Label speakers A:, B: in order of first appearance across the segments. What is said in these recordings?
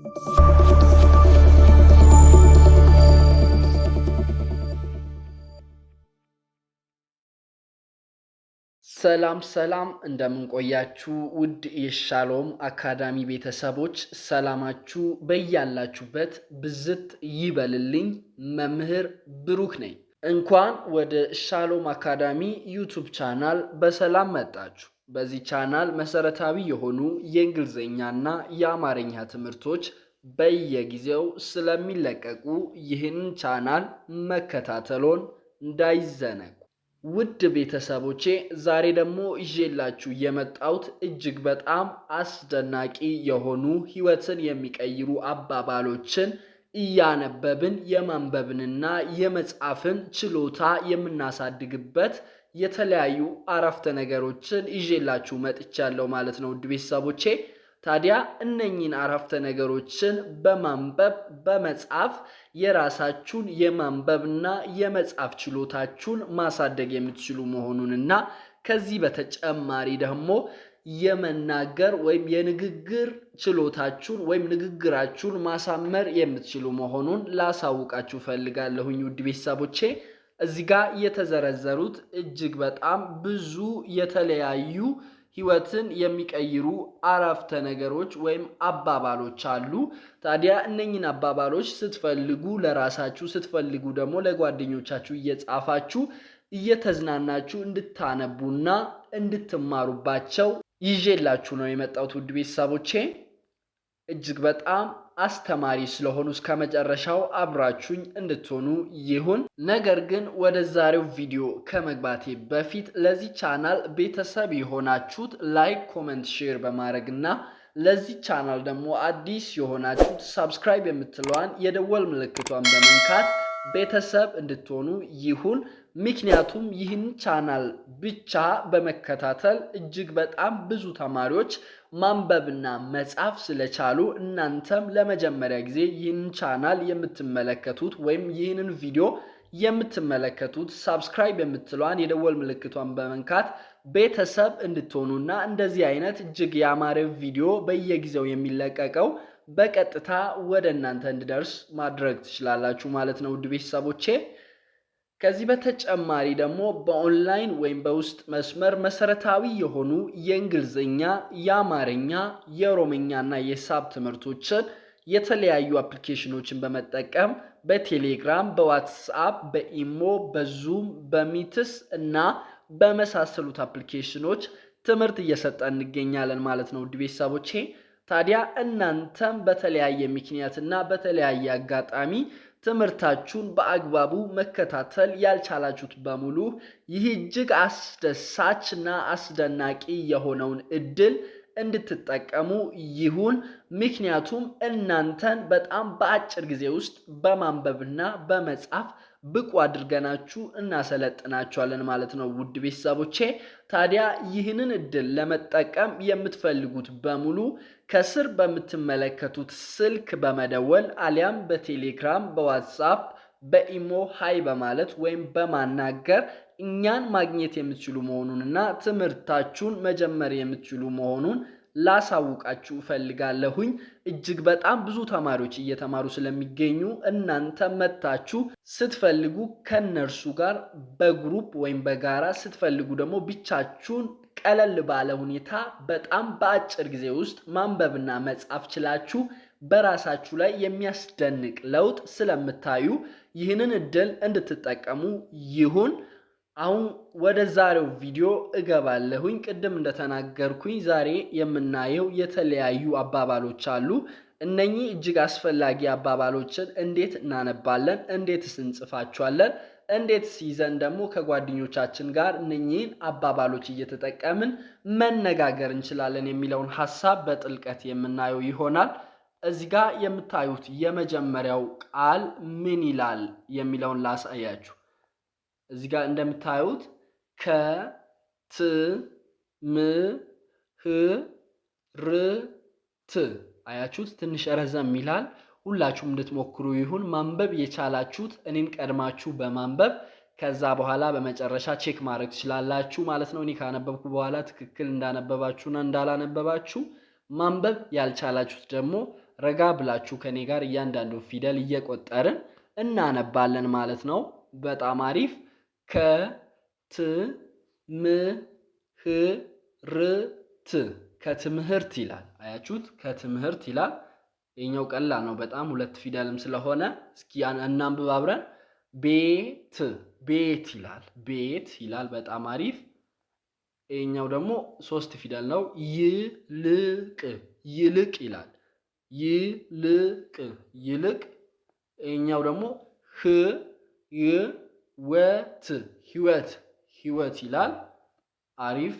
A: ሰላም ሰላም እንደምንቆያችሁ ውድ የሻሎም አካዳሚ ቤተሰቦች ሰላማችሁ በያላችሁበት ብዝት ይበልልኝ። መምህር ብሩክ ነኝ። እንኳን ወደ ሻሎም አካዳሚ ዩቱብ ቻናል በሰላም መጣችሁ። በዚህ ቻናል መሰረታዊ የሆኑ የእንግሊዝኛና የአማርኛ ትምህርቶች በየጊዜው ስለሚለቀቁ ይህን ቻናል መከታተሎን እንዳይዘነጉ። ውድ ቤተሰቦቼ ዛሬ ደግሞ ይዤላችሁ የመጣሁት እጅግ በጣም አስደናቂ የሆኑ ሕይወትን የሚቀይሩ አባባሎችን እያነበብን የማንበብንና የመጻፍን ችሎታ የምናሳድግበት የተለያዩ አረፍተ ነገሮችን ይዤላችሁ መጥቻለሁ ማለት ነው ውድ ቤተሰቦቼ። ታዲያ እነኚህን አረፍተ ነገሮችን በማንበብ በመጻፍ የራሳችሁን የማንበብና የመጻፍ ችሎታችሁን ማሳደግ የምትችሉ መሆኑንና ከዚህ በተጨማሪ ደግሞ የመናገር ወይም የንግግር ችሎታችሁን ወይም ንግግራችሁን ማሳመር የምትችሉ መሆኑን ላሳውቃችሁ ፈልጋለሁኝ ውድ ቤተሰቦቼ። እዚህ ጋር የተዘረዘሩት እጅግ በጣም ብዙ የተለያዩ ህይወትን የሚቀይሩ አረፍተ ነገሮች ወይም አባባሎች አሉ። ታዲያ እነኝን አባባሎች ስትፈልጉ ለራሳችሁ ስትፈልጉ ደግሞ ለጓደኞቻችሁ እየጻፋችሁ እየተዝናናችሁ እንድታነቡና እንድትማሩባቸው ይዤላችሁ ነው የመጣሁት ውድ ቤተሰቦቼ እጅግ በጣም አስተማሪ ስለሆኑ እስከ መጨረሻው አብራችሁኝ እንድትሆኑ ይሁን። ነገር ግን ወደ ዛሬው ቪዲዮ ከመግባቴ በፊት ለዚህ ቻናል ቤተሰብ የሆናችሁት ላይክ፣ ኮመንት፣ ሼር በማድረግ እና ለዚህ ቻናል ደግሞ አዲስ የሆናችሁት ሳብስክራይብ የምትለዋን የደወል ምልክቷን በመንካት ቤተሰብ እንድትሆኑ ይሁን። ምክንያቱም ይህን ቻናል ብቻ በመከታተል እጅግ በጣም ብዙ ተማሪዎች ማንበብና መጻፍ ስለቻሉ እናንተም ለመጀመሪያ ጊዜ ይህንን ቻናል የምትመለከቱት ወይም ይህንን ቪዲዮ የምትመለከቱት ሳብስክራይብ የምትሏን የደወል ምልክቷን በመንካት ቤተሰብ እንድትሆኑና እንደዚህ አይነት እጅግ ያማረ ቪዲዮ በየጊዜው የሚለቀቀው በቀጥታ ወደ እናንተ እንድደርስ ማድረግ ትችላላችሁ ማለት ነው ውድ ቤተሰቦቼ። ከዚህ በተጨማሪ ደግሞ በኦንላይን ወይም በውስጥ መስመር መሰረታዊ የሆኑ የእንግሊዝኛ፣ የአማርኛ፣ የኦሮምኛ እና የሂሳብ ትምህርቶችን የተለያዩ አፕሊኬሽኖችን በመጠቀም በቴሌግራም፣ በዋትስአፕ፣ በኢሞ፣ በዙም፣ በሚትስ እና በመሳሰሉት አፕሊኬሽኖች ትምህርት እየሰጠ እንገኛለን ማለት ነው። ውድ ቤተሰቦቼ ታዲያ እናንተም በተለያየ ምክንያትና በተለያየ አጋጣሚ ትምህርታችሁን በአግባቡ መከታተል ያልቻላችሁት በሙሉ ይህ እጅግ አስደሳች እና አስደናቂ የሆነውን እድል እንድትጠቀሙ ይሁን። ምክንያቱም እናንተን በጣም በአጭር ጊዜ ውስጥ በማንበብና በመጻፍ ብቁ አድርገናችሁ እናሰለጥናችኋለን ማለት ነው። ውድ ቤተሰቦቼ ታዲያ ይህንን እድል ለመጠቀም የምትፈልጉት በሙሉ ከስር በምትመለከቱት ስልክ በመደወል አሊያም በቴሌግራም፣ በዋትሳፕ፣ በኢሞ ሀይ በማለት ወይም በማናገር እኛን ማግኘት የምትችሉ መሆኑንና ትምህርታችሁን መጀመር የምትችሉ መሆኑን ላሳውቃችሁ እፈልጋለሁኝ። እጅግ በጣም ብዙ ተማሪዎች እየተማሩ ስለሚገኙ እናንተ መታችሁ ስትፈልጉ ከነርሱ ጋር በግሩፕ ወይም በጋራ ስትፈልጉ ደግሞ ብቻችሁን ቀለል ባለ ሁኔታ በጣም በአጭር ጊዜ ውስጥ ማንበብና መጻፍ ችላችሁ በራሳችሁ ላይ የሚያስደንቅ ለውጥ ስለምታዩ ይህንን እድል እንድትጠቀሙ ይሁን። አሁን ወደ ዛሬው ቪዲዮ እገባለሁኝ። ቅድም እንደተናገርኩኝ ዛሬ የምናየው የተለያዩ አባባሎች አሉ። እነኚህ እጅግ አስፈላጊ አባባሎችን እንዴት እናነባለን? እንዴትስ እንጽፋቸዋለን? እንዴት ሲይዘን ደግሞ ከጓደኞቻችን ጋር እነኚህን አባባሎች እየተጠቀምን መነጋገር እንችላለን የሚለውን ሀሳብ በጥልቀት የምናየው ይሆናል። እዚህ ጋር የምታዩት የመጀመሪያው ቃል ምን ይላል የሚለውን ላሳያችሁ። እዚህ ጋ እንደምታዩት ከትምህርት አያችሁት፣ ትንሽ ረዘም ይላል። ሁላችሁም እንድትሞክሩ ይሁን። ማንበብ የቻላችሁት እኔን ቀድማችሁ በማንበብ ከዛ በኋላ በመጨረሻ ቼክ ማድረግ ትችላላችሁ ማለት ነው። እኔ ካነበብኩ በኋላ ትክክል እንዳነበባችሁና እንዳላነበባችሁ። ማንበብ ያልቻላችሁት ደግሞ ረጋ ብላችሁ ከኔ ጋር እያንዳንዱ ፊደል እየቆጠርን እናነባለን ማለት ነው። በጣም አሪፍ ከትምህርት ከትምህርት ይላል። አያችሁት? ከትምህርት ይላል። ይህኛው ቀላል ነው በጣም ሁለት ፊደልም ስለሆነ እስኪ እናንብብ አብረን። ቤት ቤት ይላል ቤት ይላል። በጣም አሪፍ። ይህኛው ደግሞ ሶስት ፊደል ነው። ይልቅ ይልቅ ይላል። ይልቅ ይልቅ። ይህኛው ደግሞ ወት ህይወት ህይወት ይላል። አሪፍ።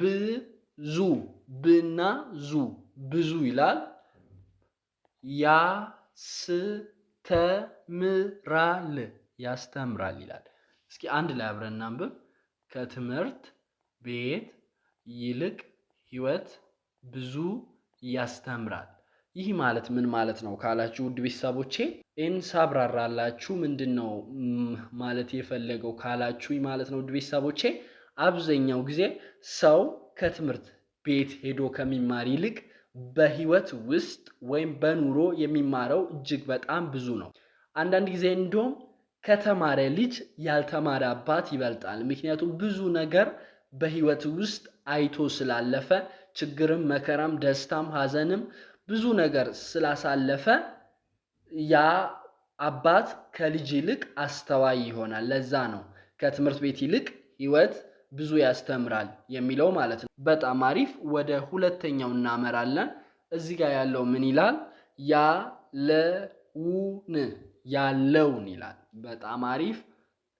A: ብዙ ብና ዙ ብዙ ይላል። ያስተምራል ያስተምራል ይላል። እስኪ አንድ ላይ አብረን እናንብብ። ከትምህርት ቤት ይልቅ ህይወት ብዙ ያስተምራል። ይህ ማለት ምን ማለት ነው ካላችሁ ውድ ቤተሰቦቼ ይህን ሳብራራላችሁ ምንድን ነው ማለት የፈለገው ካላችሁ ማለት ነው ውድ ቤተሰቦቼ አብዛኛው ጊዜ ሰው ከትምህርት ቤት ሄዶ ከሚማር ይልቅ በህይወት ውስጥ ወይም በኑሮ የሚማረው እጅግ በጣም ብዙ ነው። አንዳንድ ጊዜ እንዲሁም ከተማረ ልጅ ያልተማረ አባት ይበልጣል። ምክንያቱም ብዙ ነገር በህይወት ውስጥ አይቶ ስላለፈ ችግርም፣ መከራም፣ ደስታም፣ ሀዘንም ብዙ ነገር ስላሳለፈ ያ አባት ከልጅ ይልቅ አስተዋይ ይሆናል። ለዛ ነው ከትምህርት ቤት ይልቅ ህይወት ብዙ ያስተምራል የሚለው ማለት ነው። በጣም አሪፍ። ወደ ሁለተኛው እናመራለን። እዚህ ጋር ያለው ምን ይላል? ያለውን ያለውን ይላል። በጣም አሪፍ።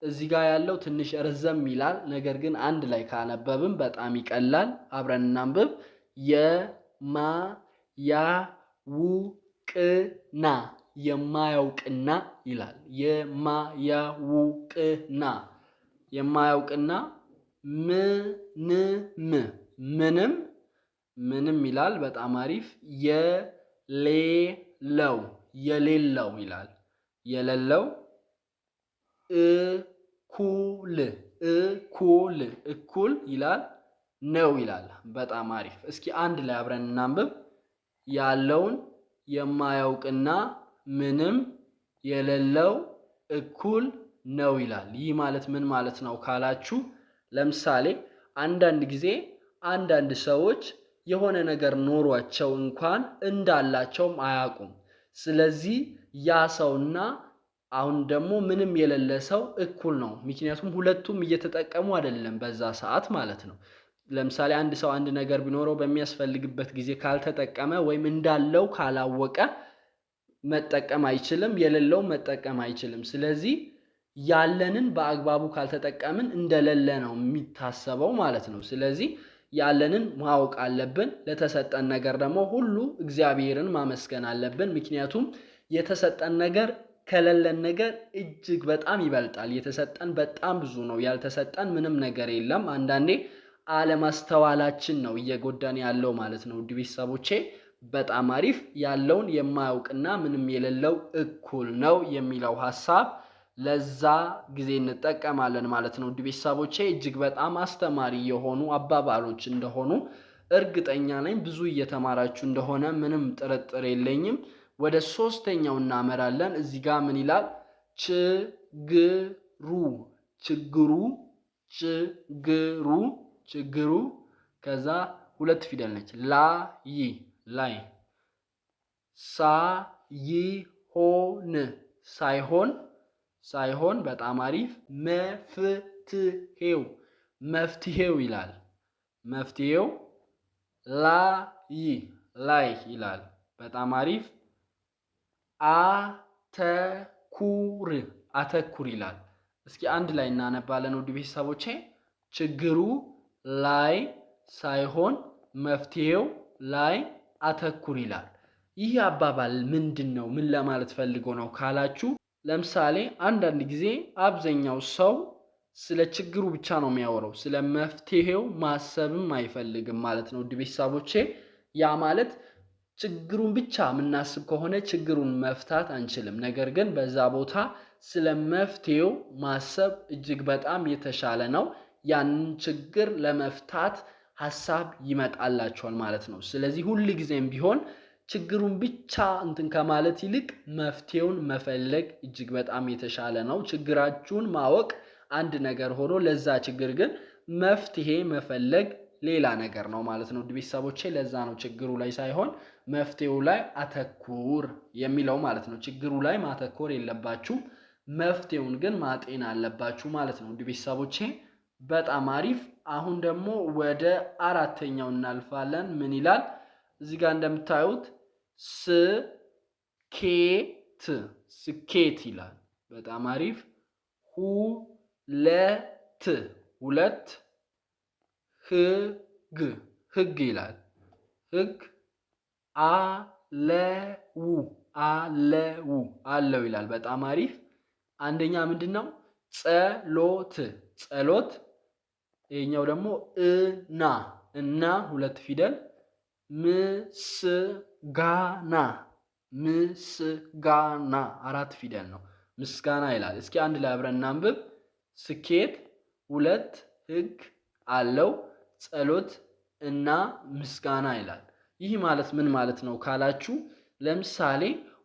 A: እዚህ ጋር ያለው ትንሽ ረዘም ይላል፣ ነገር ግን አንድ ላይ ካነበብም በጣም ይቀላል። አብረን እናንብብ። የማያውቅና የማያውቅና ይላል። የማያውቅና የማያውቅና ምንም ምንም ምንም ይላል። በጣም አሪፍ። የሌለው የሌለው ይላል። የሌለው እኩል እኩል እኩል ይላል ነው ይላል። በጣም አሪፍ። እስኪ አንድ ላይ አብረን እናንብብ። ያለውን የማያውቅና ምንም የሌለው እኩል ነው ይላል። ይህ ማለት ምን ማለት ነው ካላችሁ ለምሳሌ አንዳንድ ጊዜ አንዳንድ ሰዎች የሆነ ነገር ኖሯቸው እንኳን እንዳላቸውም አያውቁም። ስለዚህ ያ ሰውና አሁን ደግሞ ምንም የሌለ ሰው እኩል ነው። ምክንያቱም ሁለቱም እየተጠቀሙ አይደለም በዛ ሰዓት ማለት ነው። ለምሳሌ አንድ ሰው አንድ ነገር ቢኖረው በሚያስፈልግበት ጊዜ ካልተጠቀመ ወይም እንዳለው ካላወቀ መጠቀም አይችልም፣ የሌለው መጠቀም አይችልም። ስለዚህ ያለንን በአግባቡ ካልተጠቀምን እንደሌለ ነው የሚታሰበው ማለት ነው። ስለዚህ ያለንን ማወቅ አለብን። ለተሰጠን ነገር ደግሞ ሁሉ እግዚአብሔርን ማመስገን አለብን። ምክንያቱም የተሰጠን ነገር ከሌለን ነገር እጅግ በጣም ይበልጣል። የተሰጠን በጣም ብዙ ነው። ያልተሰጠን ምንም ነገር የለም። አንዳንዴ አለማስተዋላችን ነው እየጎዳን ያለው ማለት ነው። ውድ ቤተሰቦቼ በጣም አሪፍ ያለውን የማያውቅና ምንም የሌለው እኩል ነው የሚለው ሀሳብ ለዛ ጊዜ እንጠቀማለን ማለት ነው። ውድ ቤተሰቦቼ እጅግ በጣም አስተማሪ የሆኑ አባባሎች እንደሆኑ እርግጠኛ ነኝ። ብዙ እየተማራችሁ እንደሆነ ምንም ጥርጥር የለኝም። ወደ ሶስተኛው እናመራለን። እዚህ ጋር ምን ይላል? ችግሩ ችግሩ ችግሩ ችግሩ ከዛ ሁለት ፊደል ነች። ላይ ላይ ሳይሆን ሳይሆን ሳይሆን በጣም አሪፍ መፍትሄው መፍትሄው ይላል። መፍትሄው ላይ ላይ ይላል። በጣም አሪፍ አተኩር አተኩር ይላል። እስኪ አንድ ላይ እናነባለን ውድ ቤተሰቦቼ። ችግሩ ላይ ሳይሆን መፍትሄው ላይ አተኩር ይላል። ይህ አባባል ምንድን ነው? ምን ለማለት ፈልጎ ነው ካላችሁ ለምሳሌ አንዳንድ ጊዜ አብዛኛው ሰው ስለ ችግሩ ብቻ ነው የሚያወራው፣ ስለ መፍትሄው ማሰብም አይፈልግም ማለት ነው። ውድ ቤተሰቦቼ ያ ማለት ችግሩን ብቻ የምናስብ ከሆነ ችግሩን መፍታት አንችልም። ነገር ግን በዛ ቦታ ስለ መፍትሄው ማሰብ እጅግ በጣም የተሻለ ነው። ያንን ችግር ለመፍታት ሀሳብ ይመጣላቸዋል ማለት ነው። ስለዚህ ጊዜም ቢሆን ችግሩን ብቻ እንትን ከማለት ይልቅ መፍትሄውን መፈለግ እጅግ በጣም የተሻለ ነው። ችግራችሁን ማወቅ አንድ ነገር ሆኖ ለዛ ችግር ግን መፍትሄ መፈለግ ሌላ ነገር ነው ማለት ነው። ውድ ቤተሰቦቼ ለዛ ነው ችግሩ ላይ ሳይሆን መፍትሄው ላይ አተኩር የሚለው ማለት ነው። ችግሩ ላይ ማተኮር የለባችሁ መፍትሄውን ግን ማጤን አለባችሁ ማለት ነው። ውድ ቤተሰቦቼ በጣም አሪፍ። አሁን ደግሞ ወደ አራተኛው እናልፋለን። ምን ይላል እዚህ ጋር እንደምታዩት ስኬት ስኬት ይላል። በጣም አሪፍ። ሁለት ሁለት ህግ ህግ ይላል። ህግ አለው አለው አለው ይላል። በጣም አሪፍ። አንደኛ ምንድን ነው? ጸሎት ጸሎት። ይሄኛው ደግሞ እና እና ሁለት ፊደል ምስጋና ምስጋና አራት ፊደል ነው። ምስጋና ይላል። እስኪ አንድ ላይ አብረን እናንብብ። ስኬት ሁለት ህግ አለው፣ ጸሎት እና ምስጋና ይላል። ይህ ማለት ምን ማለት ነው ካላችሁ፣ ለምሳሌ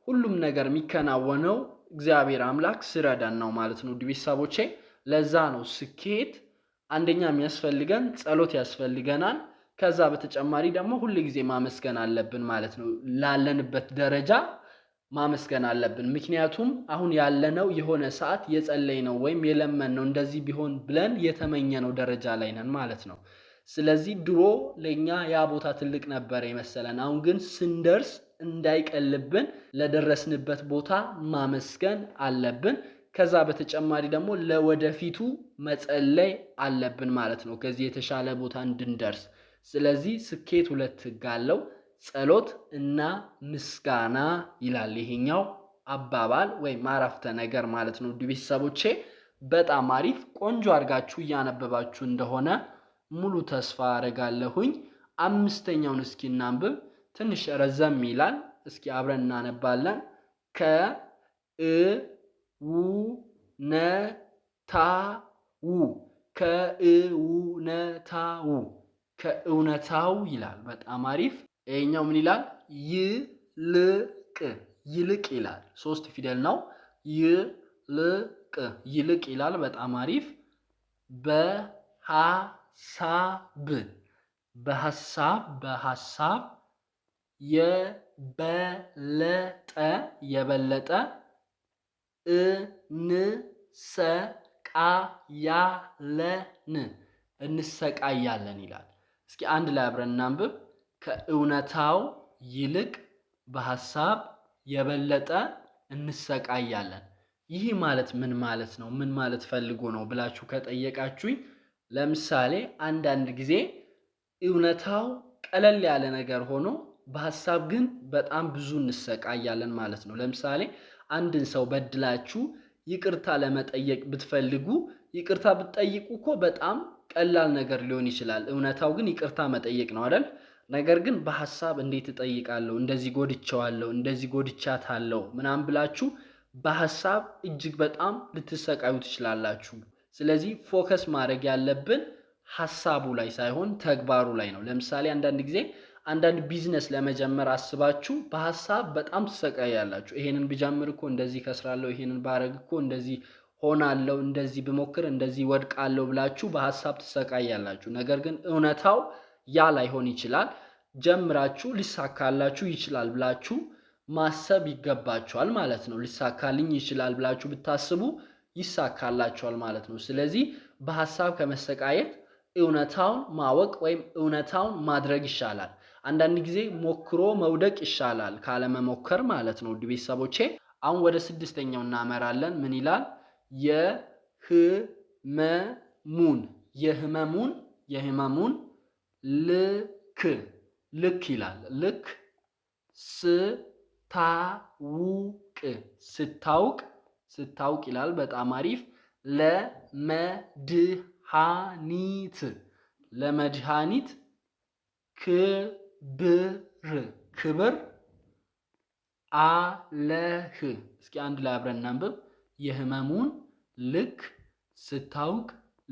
A: ሁሉም ነገር የሚከናወነው እግዚአብሔር አምላክ ስረዳን ነው ማለት ነው። ቤተሰቦቼ፣ ለዛ ነው ስኬት አንደኛ የሚያስፈልገን ጸሎት ያስፈልገናል ከዛ በተጨማሪ ደግሞ ሁል ጊዜ ማመስገን አለብን ማለት ነው። ላለንበት ደረጃ ማመስገን አለብን። ምክንያቱም አሁን ያለነው የሆነ ሰዓት የጸለይ ነው ወይም የለመን ነው እንደዚህ ቢሆን ብለን የተመኘነው ደረጃ ላይ ነን ማለት ነው። ስለዚህ ድሮ ለእኛ ያ ቦታ ትልቅ ነበረ የመሰለን፣ አሁን ግን ስንደርስ እንዳይቀልብን ለደረስንበት ቦታ ማመስገን አለብን። ከዛ በተጨማሪ ደግሞ ለወደፊቱ መጸለይ አለብን ማለት ነው፣ ከዚህ የተሻለ ቦታ እንድንደርስ ስለዚህ ስኬት ሁለት ህግ አለው፣ ጸሎት እና ምስጋና ይላል ይሄኛው አባባል ወይም አረፍተ ነገር ማለት ነው። ውድ ቤተሰቦቼ በጣም አሪፍ ቆንጆ አድርጋችሁ እያነበባችሁ እንደሆነ ሙሉ ተስፋ አደርጋለሁኝ። አምስተኛውን እስኪ እናንብብ። ትንሽ ረዘም ይላል። እስኪ አብረን እናነባለን። ከእውነታው ከእውነታው ከእውነታው ይላል። በጣም አሪፍ። ይሄኛው ምን ይላል? ይልቅ ይልቅ ይላል። ሶስት ፊደል ነው። ይልቅ ይልቅ ይላል። በጣም አሪፍ። በሀሳብ በሀሳብ በሀሳብ የበለጠ የበለጠ እንሰቃያለን እንሰቃያለን ይላል። እስኪ አንድ ላይ አብረን እናንብብ። ከእውነታው ይልቅ በሐሳብ የበለጠ እንሰቃያለን። ይህ ማለት ምን ማለት ነው? ምን ማለት ፈልጎ ነው ብላችሁ ከጠየቃችሁኝ፣ ለምሳሌ አንዳንድ ጊዜ እውነታው ቀለል ያለ ነገር ሆኖ በሐሳብ ግን በጣም ብዙ እንሰቃያለን ማለት ነው። ለምሳሌ አንድን ሰው በድላችሁ ይቅርታ ለመጠየቅ ብትፈልጉ ይቅርታ ብትጠይቁ እኮ በጣም ቀላል ነገር ሊሆን ይችላል። እውነታው ግን ይቅርታ መጠየቅ ነው አይደል? ነገር ግን በሀሳብ እንዴት እጠይቃለሁ፣ እንደዚህ ጎድቸዋለሁ፣ እንደዚህ ጎድቻታለሁ ምናምን ብላችሁ በሀሳብ እጅግ በጣም ልትሰቃዩ ትችላላችሁ። ስለዚህ ፎከስ ማድረግ ያለብን ሀሳቡ ላይ ሳይሆን ተግባሩ ላይ ነው። ለምሳሌ አንዳንድ ጊዜ አንዳንድ ቢዝነስ ለመጀመር አስባችሁ በሀሳብ በጣም ትሰቃያላችሁ። ይሄንን ብጀምር እኮ እንደዚህ ከስራለሁ፣ ይሄንን ባረግ እኮ እንደዚህ ሆናለሁ እንደዚህ ብሞክር እንደዚህ ወድቃለሁ ብላችሁ በሀሳብ ትሰቃያላችሁ። ነገር ግን እውነታው ያ ላይሆን ይችላል። ጀምራችሁ ሊሳካላችሁ ይችላል ብላችሁ ማሰብ ይገባችኋል ማለት ነው። ሊሳካልኝ ይችላል ብላችሁ ብታስቡ ይሳካላችኋል ማለት ነው። ስለዚህ በሀሳብ ከመሰቃየት እውነታውን ማወቅ ወይም እውነታውን ማድረግ ይሻላል። አንዳንድ ጊዜ ሞክሮ መውደቅ ይሻላል ካለመሞከር ማለት ነው። ውድ ቤተሰቦቼ አሁን ወደ ስድስተኛው እናመራለን። ምን ይላል? የህመሙን የህመሙን የህመሙን ልክ ልክ ይላል። ልክ ስታውቅ ስታውቅ ስታውቅ ይላል። በጣም አሪፍ። ለመድሃኒት ለመድሃኒት ክብር ክብር አለህ። እስኪ አንድ ላይ አብረን እናንብብ። የህመሙን ልክ ስታውቅ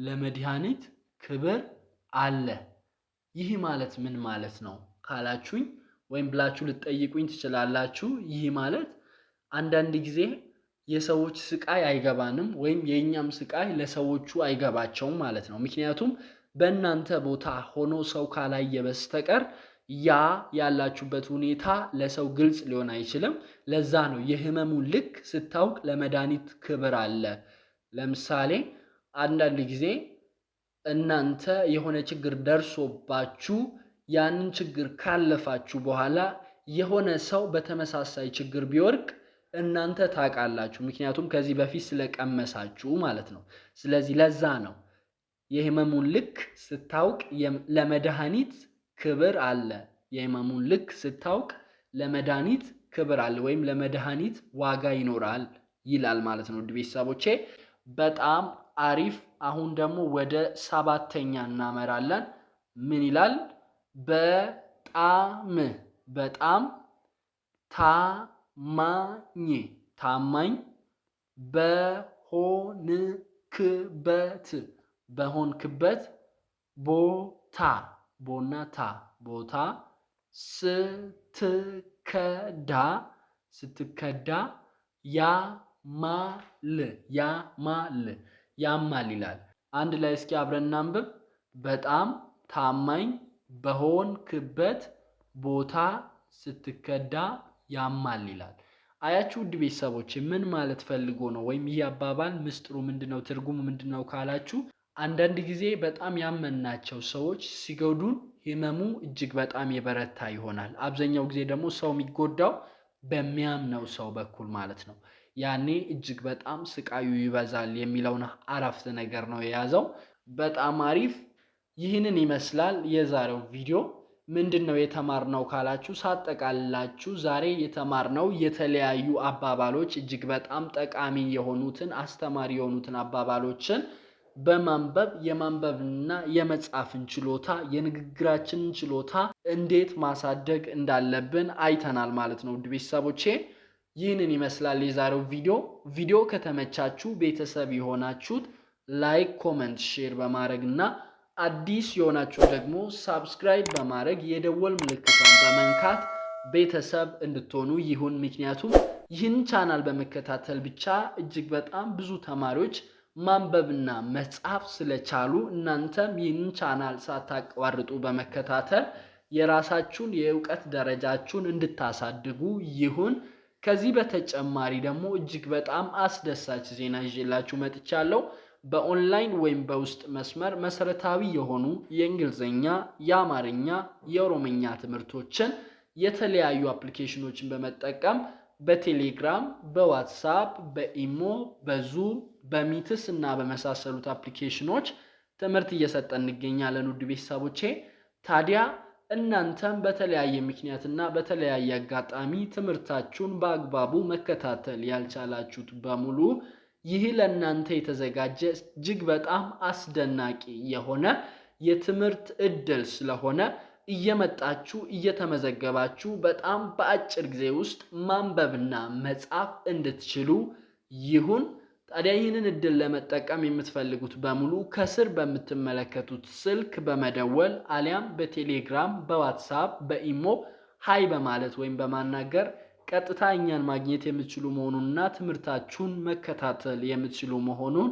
A: ለመድኃኒት ክብር አለ። ይህ ማለት ምን ማለት ነው ካላችሁኝ ወይም ብላችሁ ልትጠይቁኝ ትችላላችሁ። ይህ ማለት አንዳንድ ጊዜ የሰዎች ስቃይ አይገባንም ወይም የእኛም ስቃይ ለሰዎቹ አይገባቸውም ማለት ነው። ምክንያቱም በእናንተ ቦታ ሆኖ ሰው ካላየ በስተቀር ያ ያላችሁበት ሁኔታ ለሰው ግልጽ ሊሆን አይችልም። ለዛ ነው የህመሙን ልክ ስታውቅ ለመድኃኒት ክብር አለ። ለምሳሌ አንዳንድ ጊዜ እናንተ የሆነ ችግር ደርሶባችሁ ያንን ችግር ካለፋችሁ በኋላ የሆነ ሰው በተመሳሳይ ችግር ቢወድቅ እናንተ ታውቃላችሁ፣ ምክንያቱም ከዚህ በፊት ስለቀመሳችሁ ማለት ነው። ስለዚህ ለዛ ነው የህመሙን ልክ ስታውቅ ለመድኃኒት ክብር አለ። የህመሙን ልክ ስታውቅ ለመድኃኒት ክብር አለ ወይም ለመድኃኒት ዋጋ ይኖራል ይላል ማለት ነው። ውድ ቤተሰቦቼ በጣም አሪፍ። አሁን ደግሞ ወደ ሰባተኛ እናመራለን። ምን ይላል? በጣም በጣም ታማኝ ታማኝ በሆንክበት በሆንክበት ቦታ ቦናታ ቦታ ስትከዳ ስትከዳ ያማል ያማል ያማል ይላል። አንድ ላይ እስኪ አብረን እናንብብ። በጣም ታማኝ በሆንክበት ቦታ ስትከዳ ያማል ይላል። አያችሁ ውድ ቤተሰቦች ምን ማለት ፈልጎ ነው? ወይም ይህ አባባል ምስጢሩ ምንድነው? ትርጉሙ ምንድነው ካላችሁ አንዳንድ ጊዜ በጣም ያመንናቸው ሰዎች ሲጎዱን ህመሙ እጅግ በጣም የበረታ ይሆናል። አብዛኛው ጊዜ ደግሞ ሰው የሚጎዳው በሚያምነው ሰው በኩል ማለት ነው። ያኔ እጅግ በጣም ስቃዩ ይበዛል የሚለውን አረፍተ ነገር ነው የያዘው። በጣም አሪፍ። ይህንን ይመስላል የዛሬው ቪዲዮ። ምንድን ነው የተማርነው ካላችሁ፣ ሳጠቃልላችሁ ዛሬ የተማርነው የተለያዩ አባባሎች እጅግ በጣም ጠቃሚ የሆኑትን አስተማሪ የሆኑትን አባባሎችን በማንበብ የማንበብና የመጻፍን ችሎታ የንግግራችንን ችሎታ እንዴት ማሳደግ እንዳለብን አይተናል ማለት ነው። ውድ ቤተሰቦቼ ይህንን ይመስላል የዛሬው ቪዲዮ። ቪዲዮ ከተመቻችሁ ቤተሰብ የሆናችሁት ላይክ፣ ኮመንት፣ ሼር በማድረግ እና አዲስ የሆናችሁ ደግሞ ሳብስክራይብ በማድረግ የደወል ምልክቷን በመንካት ቤተሰብ እንድትሆኑ ይሁን። ምክንያቱም ይህን ቻናል በመከታተል ብቻ እጅግ በጣም ብዙ ተማሪዎች ማንበብና መጻፍ ስለቻሉ እናንተም ይህንን ቻናል ሳታቋርጡ በመከታተል የራሳችሁን የእውቀት ደረጃችሁን እንድታሳድጉ ይሁን። ከዚህ በተጨማሪ ደግሞ እጅግ በጣም አስደሳች ዜና ይዤላችሁ መጥቻለሁ። በኦንላይን ወይም በውስጥ መስመር መሰረታዊ የሆኑ የእንግሊዝኛ፣ የአማርኛ፣ የኦሮምኛ ትምህርቶችን የተለያዩ አፕሊኬሽኖችን በመጠቀም በቴሌግራም፣ በዋትሳፕ፣ በኢሞ፣ በዙም በሚትስ እና በመሳሰሉት አፕሊኬሽኖች ትምህርት እየሰጠ እንገኛለን። ውድ ቤተሰቦቼ ታዲያ እናንተም በተለያየ ምክንያትና በተለያየ አጋጣሚ ትምህርታችሁን በአግባቡ መከታተል ያልቻላችሁት በሙሉ ይህ ለእናንተ የተዘጋጀ እጅግ በጣም አስደናቂ የሆነ የትምህርት እድል ስለሆነ እየመጣችሁ እየተመዘገባችሁ በጣም በአጭር ጊዜ ውስጥ ማንበብና መጻፍ እንድትችሉ ይሁን። ታዲያ ይህንን እድል ለመጠቀም የምትፈልጉት በሙሉ ከስር በምትመለከቱት ስልክ በመደወል አሊያም በቴሌግራም፣ በዋትሳፕ፣ በኢሞ ሀይ በማለት ወይም በማናገር ቀጥታ እኛን ማግኘት የምትችሉ መሆኑንና ትምህርታችሁን መከታተል የምትችሉ መሆኑን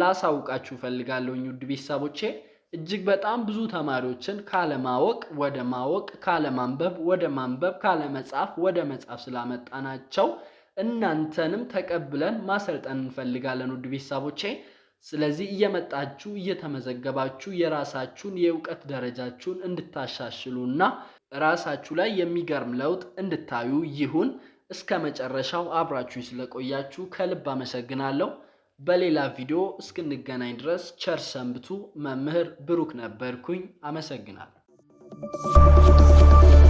A: ላሳውቃችሁ ፈልጋለሁኝ። ውድ ቤተሰቦቼ እጅግ በጣም ብዙ ተማሪዎችን ካለማወቅ ወደ ማወቅ፣ ካለማንበብ ወደ ማንበብ፣ ካለመጻፍ ወደ መጻፍ ስላመጣናቸው እናንተንም ተቀብለን ማሰልጠን እንፈልጋለን ውድ ቤተሰቦቼ። ስለዚህ እየመጣችሁ እየተመዘገባችሁ የራሳችሁን የእውቀት ደረጃችሁን እንድታሻሽሉና ራሳችሁ ላይ የሚገርም ለውጥ እንድታዩ ይሁን። እስከ መጨረሻው አብራችሁኝ ስለቆያችሁ ከልብ አመሰግናለሁ። በሌላ ቪዲዮ እስክንገናኝ ድረስ ቸር ሰንብቱ። መምህር ብሩክ ነበርኩኝ። አመሰግናለሁ።